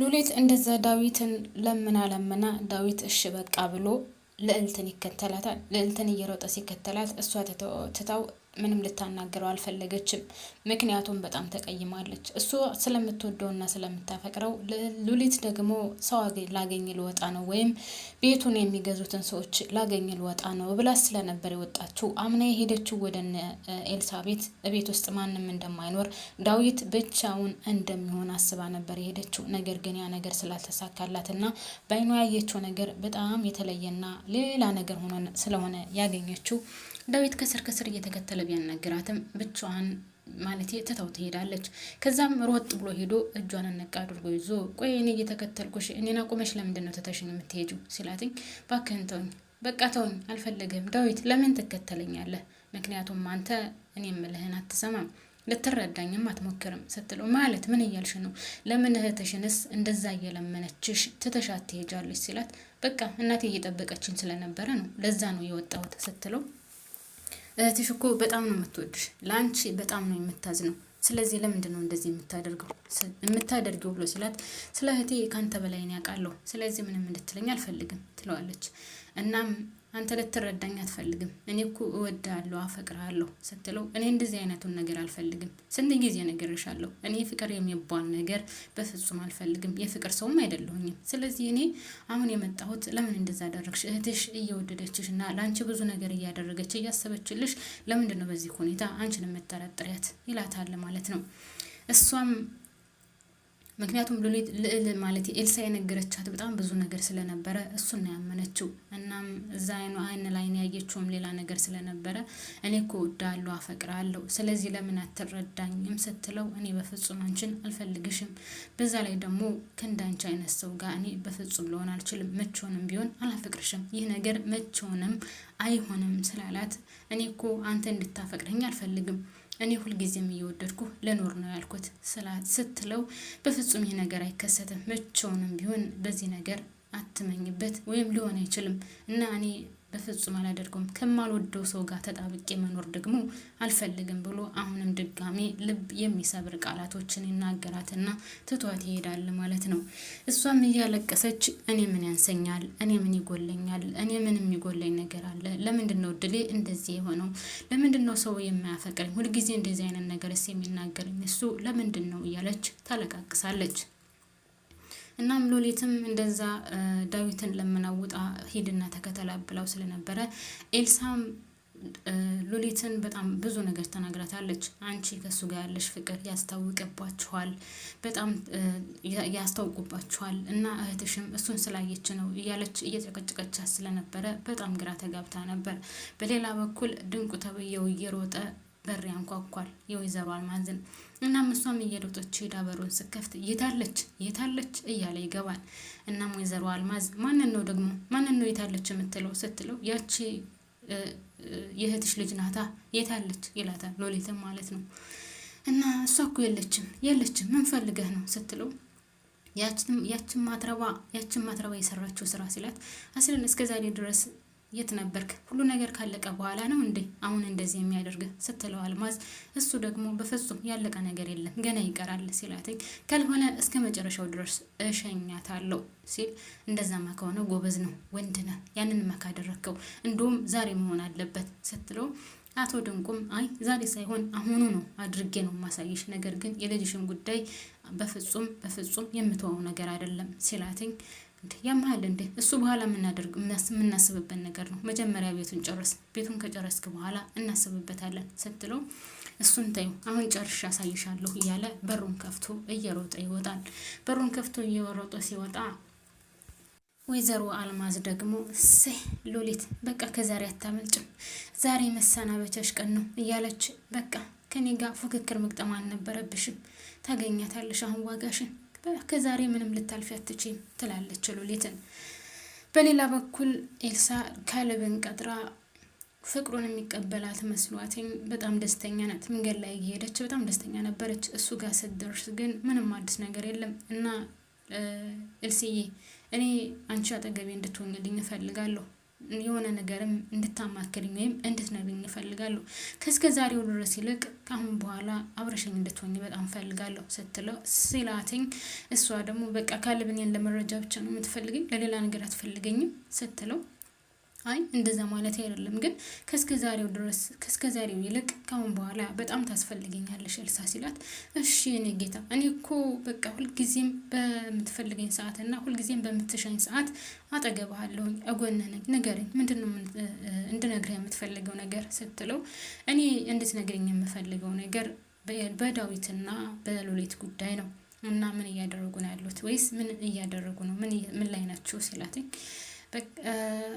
ሉሊት እንደዛ ዳዊትን ለምና ለምና ዳዊት እሽ በቃ ብሎ ልዕልትን ይከተላታል። ልዕልትን እየሮጠ ሲከተላት እሷ ትታው ምንም ልታናገረው አልፈለገችም። ምክንያቱም በጣም ተቀይማለች። እሱ ስለምትወደውና ስለምታፈቅረው፣ ሉሊት ደግሞ ሰው ላገኝ ልወጣ ነው ወይም ቤቱን የሚገዙትን ሰዎች ላገኝ ልወጣ ነው ብላ ስለነበር የወጣችው አምና የሄደችው ወደነ ኤልሳቤት ቤት ውስጥ ማንም እንደማይኖር ዳዊት ብቻውን እንደሚሆን አስባ ነበር የሄደችው። ነገር ግን ያ ነገር ስላልተሳካላትና በአይኗ ያየችው ነገር በጣም የተለየና ሌላ ነገር ሆኖ ስለሆነ ያገኘችው ዳዊት ከስር ከስር እየተከተለ ቢያናግራትም ብቻዋን ማለት ትተው ትሄዳለች። ከዛም ሮጥ ብሎ ሄዶ እጇን ነቃ አድርጎ ይዞ ቆይ እኔ እየተከተልኩሽ እኔን አቁመሽ ለምንድን ነው ትተሽኝ የምትሄጂው? ሲላትኝ እባክህን ተውኝ፣ በቃ ተውኝ፣ አልፈለግህም ዳዊት ለምን ትከተለኛለህ? ምክንያቱም አንተ እኔ የምልህን አትሰማም፣ ልትረዳኝም አትሞክርም ስትለው ማለት ምን እያልሽ ነው? ለምን እህትሽንስ እንደዛ እየለመነችሽ ትተሻት ትሄጃለች? ሲላት በቃ እናቴ እየጠበቀችን ስለነበረ ነው ለዛ ነው የወጣሁት ስትለው እህትሽ እኮ በጣም ነው የምትወድሽ፣ ለአንቺ በጣም ነው የምታዝነው። ስለዚህ ለምንድን ነው እንደዚህ የምታደርገው የምታደርገው ብሎ ሲላት ስለ እህቴ ከአንተ በላይ ያውቃለሁ፣ ስለዚህ ምንም እንድትለኝ አልፈልግም ትለዋለች። እናም አንተ ልትረዳኝ አትፈልግም፣ እኔ እኮ እወድሃለሁ አፈቅርሃለሁ ስትለው እኔ እንደዚህ አይነቱን ነገር አልፈልግም፣ ስንት ጊዜ ነግሬሻለሁ፣ እኔ ፍቅር የሚባል ነገር በፍጹም አልፈልግም፣ የፍቅር ሰውም አይደለሁኝም። ስለዚህ እኔ አሁን የመጣሁት ለምን እንደዛ አደረግሽ? እህትሽ እየወደደችሽ እና ለአንቺ ብዙ ነገር እያደረገች እያሰበችልሽ፣ ለምንድን ነው በዚህ ሁኔታ አንቺን የምጠረጥሪያት? ይላታል ማለት ነው እሷም ምክንያቱም ልዕል ማለት ኤልሳ የነገረቻት በጣም ብዙ ነገር ስለነበረ እሱን ነው ያመነችው። እናም እዛ አይኑ አይን ላይን ያየችውም ሌላ ነገር ስለነበረ እኔ እኮ እወዳለሁ፣ አፈቅራለሁ፣ ስለዚህ ለምን አትረዳኝም ስትለው እኔ በፍጹም አንቺን አልፈልግሽም፣ በዛ ላይ ደግሞ ከእንዳንቺ አይነት ሰው ጋር እኔ በፍጹም ልሆን አልችልም፣ መቼውንም ቢሆን አላፈቅርሽም፣ ይህ ነገር መቼውንም አይሆንም ስላላት እኔ እኮ አንተ እንድታፈቅረኝ አልፈልግም እኔ ሁልጊዜም እየወደድኩ ለኖር ነው ያልኩት ስትለው በፍጹም ይህ ነገር አይከሰትም፣ መቼውንም ቢሆን በዚህ ነገር አትመኝበት ወይም ሊሆን አይችልም እና እኔ በፍጹም አላደርገውም፣ ከማልወደው ሰው ጋር ተጣብቄ መኖር ደግሞ አልፈልግም ብሎ አሁንም ድጋሜ ልብ የሚሰብር ቃላቶችን ይናገራትና ትቷት ይሄዳል ማለት ነው። እሷም እያለቀሰች እኔ ምን ያንሰኛል፣ እኔ ምን ይጎለኛል፣ እኔ ምን የሚጎለኝ ነገር አለ? ለምንድን ነው ድሌ እንደዚህ የሆነው? ለምንድን ነው ሰው የማያፈቅረኝ? ሁልጊዜ እንደዚህ አይነት ነገር የሚናገረኝ እሱ ለምንድን ነው እያለች ታለቃቅሳለች። እናም ሎሊትም እንደዛ ዳዊትን ለምናውጣ ሂድና ተከተላ ብላው ስለነበረ ኤልሳም ሉሊትን በጣም ብዙ ነገር ተናግራታለች። አንቺ ከሱ ጋር ያለሽ ፍቅር ያስታውቅባችኋል፣ በጣም ያስታውቁባችኋል እና እህትሽም እሱን ስላየች ነው እያለች እየጨቀጨቀቻት ስለነበረ በጣም ግራ ተጋብታ ነበር። በሌላ በኩል ድንቁ ተብዬው እየሮጠ በር ያንኳኳል የወይዘሮ አልማዝን። እናም እሷም እየሮጠች ሄዳ በሩን ስከፍት የታለች የታለች እያለ ይገባል። እናም ወይዘሮ አልማዝ ማንን ነው ደግሞ ማንን ነው የታለች የምትለው ስትለው ያቺ የእህትሽ ልጅ ናታ የታለች ይላታል። ሎሌትም ማለት ነው እና እሷ እኮ የለችም የለችም ምን ፈልገህ ነው ስትለው ያችን ማትረባ ያችን ማትረባ የሰራችው ስራ ሲላት አስለን እስከዛሬ ድረስ የት ነበርክ? ሁሉ ነገር ካለቀ በኋላ ነው እንዴ አሁን እንደዚህ የሚያደርግ ስትለው አልማዝ እሱ ደግሞ በፍጹም ያለቀ ነገር የለም ገና ይቀራል ሲላትኝ ካልሆነ እስከ መጨረሻው ድረስ እሸኛታለሁ ሲል እንደዛማ ከሆነ ጎበዝ ነው ወንድ ነህ፣ ያንንማ ካደረግከው እንዲሁም ዛሬ መሆን አለበት ስትለው አቶ ድንቁም አይ ዛሬ ሳይሆን አሁኑ ነው አድርጌ ነው ማሳየሽ፣ ነገር ግን የልጅሽን ጉዳይ በፍጹም በፍጹም የምትወው ነገር አይደለም ሲላትኝ ያመሃል እንዴ? እሱ በኋላ የምናደርግ የምናስብበት ነገር ነው። መጀመሪያ ቤቱን ጨርስ፣ ቤቱን ከጨረስክ በኋላ እናስብበታለን ስትለው እሱን ተዩ፣ አሁን ጨርሼ አሳይሻለሁ እያለ በሩን ከፍቶ እየሮጠ ይወጣል። በሩን ከፍቶ እየሮጠ ሲወጣ ወይዘሮ አልማዝ ደግሞ እሰይ ሎሌት፣ በቃ ከዛሬ አታመልጭም፣ ዛሬ መሰናበቻሽ ቀን ነው እያለች በቃ ከኔ ጋር ፉክክር መግጠም አልነበረብሽም፣ ታገኛታለሽ አሁን ዋጋሽን ከዛሬ ምንም ልታልፊ አትችም ትላለች ሉሊትን። በሌላ በኩል ኤልሳ ካለብን ቀጥራ ፍቅሩን የሚቀበላት መስሏትኝ በጣም ደስተኛ ናት። መንገድ ላይ እየሄደች በጣም ደስተኛ ነበረች። እሱ ጋር ስትደርስ ግን ምንም አዲስ ነገር የለም እና ኤልስዬ እኔ አንቺ አጠገቤ እንድትሆኝልኝ እፈልጋለሁ የሆነ ነገርም እንድታማክርኝ ወይም እንድትነግኝ እፈልጋለሁ። ከእስከ ዛሬው ድረስ ይልቅ ከአሁን በኋላ አብረሽኝ እንድትሆኝ በጣም እፈልጋለሁ ስትለው ሲላትኝ፣ እሷ ደግሞ በቃ ካለብኔን ለመረጃ ብቻ ነው የምትፈልገኝ ለሌላ ነገር አትፈልገኝም ስትለው አይ እንደዛ ማለት አይደለም፣ ግን ከእስከ ዛሬው ድረስ ከእስከ ዛሬው ይልቅ ካሁን በኋላ በጣም ታስፈልገኛለሽ እልሳ ሲላት፣ እሺ እኔ ጌታ፣ እኔ እኮ በቃ ሁልጊዜም በምትፈልገኝ ሰዓት እና ሁልጊዜም በምትሻኝ ሰዓት አጠገብሃለሁኝ፣ እጎነነኝ፣ ንገረኝ፣ ምንድነው እንድነግርህ የምትፈልገው ነገር ስትለው፣ እኔ እንድትነግረኝ የምፈልገው ነገር በዳዊትና በሎሌት ጉዳይ ነው እና ምን እያደረጉ ነው ያሉት ወይስ ምን እያደረጉ ነው? ምን ላይ ናቸው? ሲላትኝ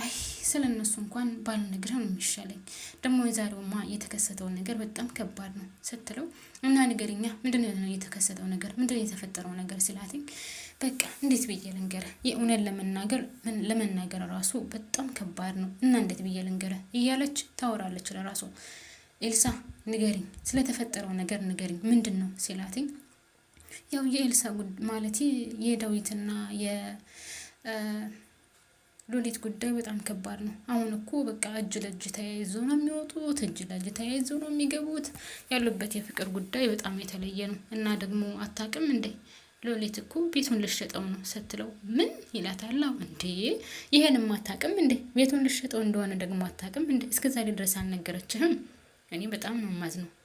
አይ ስለ እነሱ እንኳን ባልነግርህ ነው የሚሻለኝ። ደግሞ የዛሬውማ የተከሰተው ነገር በጣም ከባድ ነው ስትለው እና ንገሪኛ፣ ምንድን ነው የተከሰተው ነገር? ምንድን ነው የተፈጠረው ነገር ስላትኝ በቃ እንዴት ብዬ ልንገርህ? የእውነት ለመናገር ለመናገር ራሱ በጣም ከባድ ነው እና እንዴት ብዬ ልንገርህ እያለች ታወራለች ለራሱ። ኤልሳ ንገሪኝ፣ ስለተፈጠረው ነገር ንገሪኝ፣ ምንድን ነው ሲላትኝ ያው የኤልሳ ማለት የዳዊትና ሉሊት ጉዳይ በጣም ከባድ ነው። አሁን እኮ በቃ እጅ ለእጅ ተያይዘው ነው የሚወጡት፣ እጅ ለእጅ ተያይዘው ነው የሚገቡት። ያሉበት የፍቅር ጉዳይ በጣም የተለየ ነው። እና ደግሞ አታውቅም እንዴ ሎሌት እኮ ቤቱን ልሸጠው ነው ስትለው ምን ይላታል? እንዴ ይሄንም አታውቅም እንዴ? ቤቱን ልሸጠው እንደሆነ ደግሞ አታውቅም እንዴ? እስከ ዛሬ ድረስ አልነገረችህም? እኔ በጣም ነው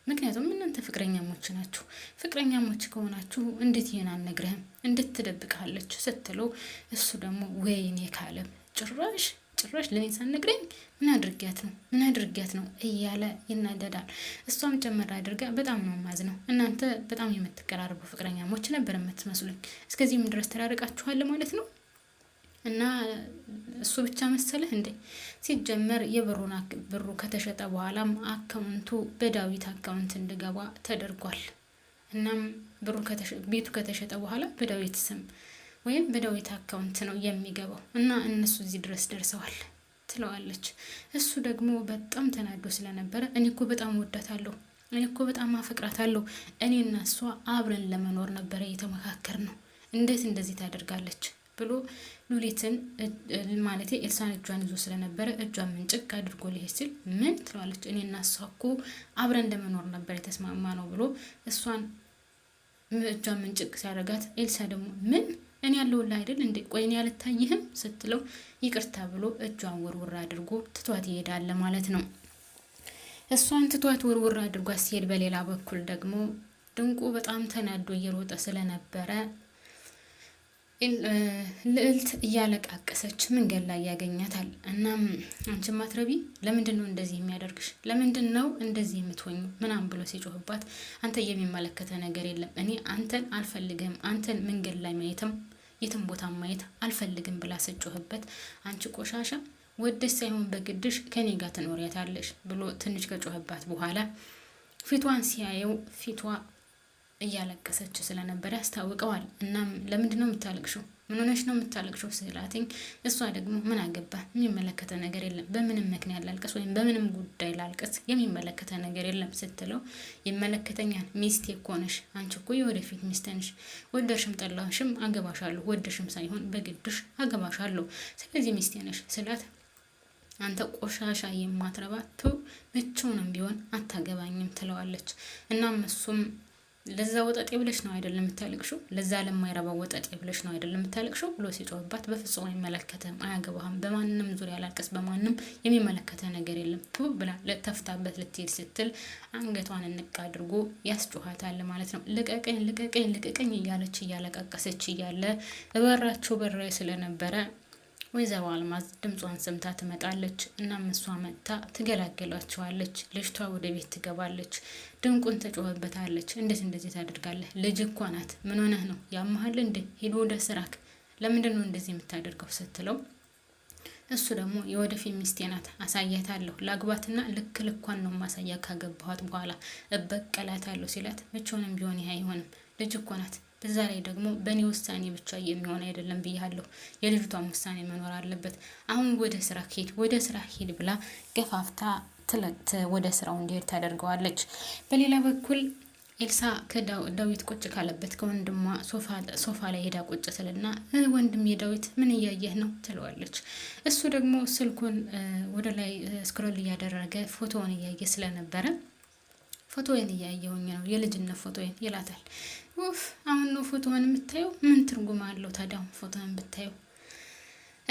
ምክንያቱም እናንተ ፍቅረኛሞች ናችሁ። ፍቅረኛሞች ከሆናችሁ እንዴት ይህን አልነግርህም? እንዴት ትደብቃለች ስትለው እሱ ደግሞ ወይኔ ካለም ጭራሽ ጭራሽ ለኔ ሳትነግረኝ ምን አድርጊያት ነው ምን አድርጊያት ነው እያለ ይናደዳል። እሷም ጀመር አድርጋ በጣም ነው ማዝ ነው እናንተ በጣም የምትቀራርቡ ፍቅረኛሞች ነበር የምትመስሉኝ። እስከዚህም ድረስ ተራርቃችኋል ማለት ነው። እና እሱ ብቻ መሰለህ እንዴ? ሲጀመር የብሩን ብሩ ከተሸጠ በኋላም አካውንቱ በዳዊት አካውንት እንድገባ ተደርጓል። እናም ብሩ ቤቱ ከተሸጠ በኋላ በዳዊት ስም ወይም በዳዊት አካውንት ነው የሚገባው እና እነሱ እዚህ ድረስ ደርሰዋል ትለዋለች። እሱ ደግሞ በጣም ተናዶ ስለነበረ እኔ እኮ በጣም ወዳታለሁ፣ እኔ እኮ በጣም አፈቅራታለሁ፣ እኔ እና እሷ አብረን ለመኖር ነበረ እየተመካከር ነው፣ እንዴት እንደዚህ ታደርጋለች ብሎ ሉሊትን ማለቴ ኤልሳን እጇን ይዞ ስለነበረ እጇን ምንጭቅ አድርጎ ሊሄድ ሲል ምን ትለዋለች? እኔ እና እሷ እኮ አብረን ለመኖር ነበር የተስማማ ነው ብሎ እሷን እጇን ምንጭቅ ሲያደርጋት ኤልሳ ደግሞ ምን እኔ ያለው ላይ አይደል እንዴ? ቆይ እኔ አልታይህም ስትለው ይቅርታ ብሎ እጇን ውርውር አድርጎ ትቷት ይሄዳል ማለት ነው። እሷን ትቷት ውርውር አድርጎ ሲሄድ፣ በሌላ በኩል ደግሞ ድንቁ በጣም ተናዶ እየሮጠ ስለነበረ ልዕልት እያለቃቀሰች መንገድ ላይ ያገኛታል። እናም አንቺ ማትረቢ ለምንድን ነው እንደዚህ የሚያደርግሽ? ለምንድን ነው እንደዚህ የምትሆኙ? ምናምን ብሎ ሲጮህባት አንተ የሚመለከተ ነገር የለም እኔ አንተን አልፈልግም አንተን መንገድ ላይ ማየትም የትም ቦታ ማየት አልፈልግም ብላ ስጮህበት አንቺ ቆሻሻ ወደሽ ሳይሆን በግድሽ ከኔ ጋር ትኖሪያታለሽ ብሎ ትንሽ ከጮህባት በኋላ ፊቷን ሲያየው ፊቷ እያለቀሰች ስለነበረ ያስታውቀዋል። እናም ለምንድን ነው የምታለቅሽው? ምን ሆነሽ ነው የምታለቅሽው? ስላትኝ እሷ ደግሞ ምን አገባ የሚመለከተ ነገር የለም፣ በምንም ምክንያት ላልቀስ ወይም በምንም ጉዳይ ላልቀስ የሚመለከተ ነገር የለም ስትለው ይመለከተኛል፣ ሚስቴ እኮ ነሽ አንቺ እኮ የወደፊት ሚስት ነሽ፣ ወደድሽም ጠላሽም አገባሻለሁ፣ ወደሽም ሳይሆን በግድሽ አገባሻለሁ፣ ስለዚህ ሚስቴ ነሽ ስላት አንተ ቆሻሻ የማትረባ ተው፣ መቼውንም ቢሆን አታገባኝም ትለዋለች። እናም እሱም ለዛ ወጠጤ ብለሽ ነው አይደለም የምታለቅሽው? ለዛ ለማይረባ ወጠጤ ብለሽ ነው አይደለም የምታለቅሽው? ብሎ ሲጮህባት በፍጹም አይመለከትህም፣ አያገባህም፣ በማንም ዙሪያ አላልቅስ፣ በማንም የሚመለከተ ነገር የለም ትቡ ብላ ለተፍታበት ልትሄድ ስትል አንገቷን እንቅ አድርጎ ያስጮኋታል ማለት ነው። ልቀቀኝ፣ ልቀቀኝ፣ ልቀቀኝ እያለች እያለቃቀሰች እያለ በራቸው በራይ ስለነበረ ወይዘሮ አልማዝ ድምጿን ሰምታ ትመጣለች። እናም እሷ መጥታ ትገላገሏቸዋለች። ልጅቷ ወደ ቤት ትገባለች። ድንቁን ተጮኸበታለች። እንዴት እንደዚህ ታደርጋለህ? ልጅ እኮ ናት። ምን ሆነህ ነው? ያመሃል እንዴ? ሂድ ወደ ስራክ። ለምንድን ነው እንደዚህ የምታደርገው? ስትለው እሱ ደግሞ የወደፊት ሚስቴ ናት፣ አሳያታለሁ። ላግባትና ልክ ልኳን ነው ማሳያ ካገባኋት በኋላ እበቀላታለሁ ሲላት፣ መቼውንም ቢሆን ይህ አይሆንም፣ ልጅ እኮ ናት በዛ ላይ ደግሞ በእኔ ውሳኔ ብቻ የሚሆን አይደለም ብያለሁ። የልጅቷም ውሳኔ መኖር አለበት። አሁን ወደ ስራ ሄድ፣ ወደ ስራ ሄድ ብላ ገፋፍታ ትለት ወደ ስራው እንዲሄድ ታደርገዋለች። በሌላ በኩል ኤልሳ ከዳዊት ቁጭ ካለበት ከወንድሟ ሶፋ ላይ ሄዳ ቁጭ ስልና ወንድም የዳዊት ምን እያየህ ነው ትለዋለች። እሱ ደግሞ ስልኩን ወደ ላይ ስክሮል እያደረገ ፎቶውን እያየ ስለነበረ ፎቶዬን እያየውኝ ነው የልጅነት ፎቶዬን ይላታል። ኡፍ አሁን ነው ፎቶህን የምታየው? ምን ትርጉም አለው ታዲያ አሁን ፎቶህን ብታየው?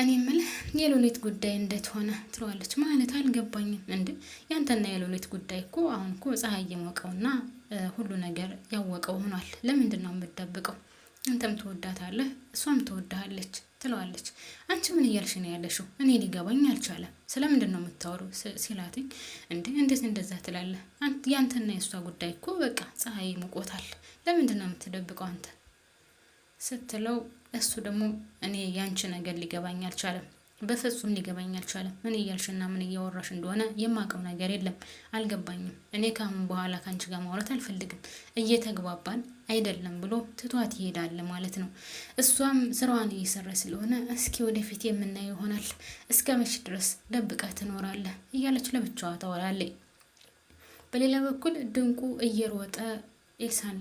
እኔ የምልህ የሎሌት ጉዳይ እንዴት ሆነ ትለዋለች። ማለት አልገባኝም። እንደ ያንተና የሎሌት ጉዳይ እኮ አሁን እኮ ፀሐይ የሞቀውና ሁሉ ነገር ያወቀው ሆኗል። ለምንድን ነው የምትደብቀው? አንተም ትወዳታለህ፣ እሷም ትወዳሃለች። ትለዋለች። አንቺ ምን እያልሽ ነው ያለሽው? እኔ ሊገባኝ አልቻለም። ስለምንድን ነው የምታወሩ ሲላትኝ፣ እንዴ እንዴት እንደዛ ትላለህ? ያንተና የእሷ ጉዳይ እኮ በቃ ፀሐይ ሙቆታል። ለምንድን ነው የምትደብቀው አንተ ስትለው፣ እሱ ደግሞ እኔ ያንቺ ነገር ሊገባኝ አልቻለም በፍጹም ሊገባኝ አልቻለም። ምን እያልሽና ምን እያወራሽ እንደሆነ የማውቀው ነገር የለም፣ አልገባኝም። እኔ ካሁን በኋላ ከአንቺ ጋር ማውራት አልፈልግም። እየተግባባን አይደለም ብሎ ትቷት ይሄዳል ማለት ነው። እሷም ስራዋን እየሰራ ስለሆነ እስኪ ወደፊት የምናየው ይሆናል፣ እስከ መች ድረስ ደብቀ ትኖራለህ እያለች ለብቻዋ ታወራለች። በሌላ በኩል ድንቁ እየሮጠ ኤልሳን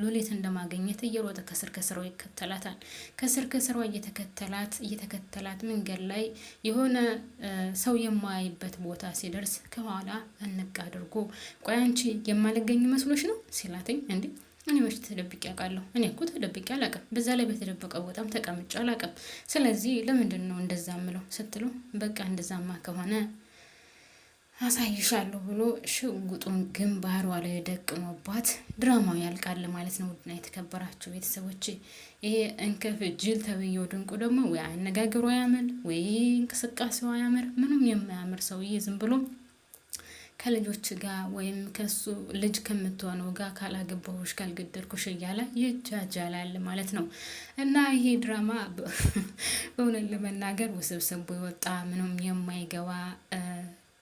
ሎሌት እንደማገኘት እየሮጠ ከስር ከስሯ ይከተላታል። ከስር ከስሯ እየተከተላት እየተከተላት መንገድ ላይ የሆነ ሰው የማያይበት ቦታ ሲደርስ ከኋላ እንቅ አድርጎ ቆይ አንቺ የማልገኝ መስሎች ነው ሲላትኝ እንዴ እኔ መች ተደብቄ አውቃለሁ? እኔ እኮ ተደብቄ አላውቅም። በዛ ላይ በተደበቀ ቦታም ተቀምጬ አላውቅም። ስለዚህ ለምንድን ነው እንደዛ ምለው ስትሉ፣ በቃ እንደዛማ ከሆነ አሳይሻለሁ ብሎ ሽጉጡን ግንባሯ ላይ ደቅኖባት ድራማው ያልቃል ማለት ነው። ውድና የተከበራችሁ ቤተሰቦች ይሄ እንከፍ ጅል ተብዬው ድንቁ ደግሞ ወይ አነጋገሩ አያምር ወይ እንቅስቃሴው አያምር፣ ምንም የማያምር ሰውዬ ዝም ብሎ ከልጆች ጋር ወይም ከሱ ልጅ ከምትሆነው ጋር ካላገባሁሽ ካልገደልኩሽ እያለ ይጃጃላል ማለት ነው። እና ይሄ ድራማ በእውነት ለመናገር ውስብስቡ የወጣ ምንም የማይገባ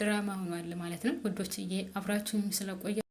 ድራማ ሆኗል ማለት ነው። ውዶችዬ አብራችሁኝ ስለቆየ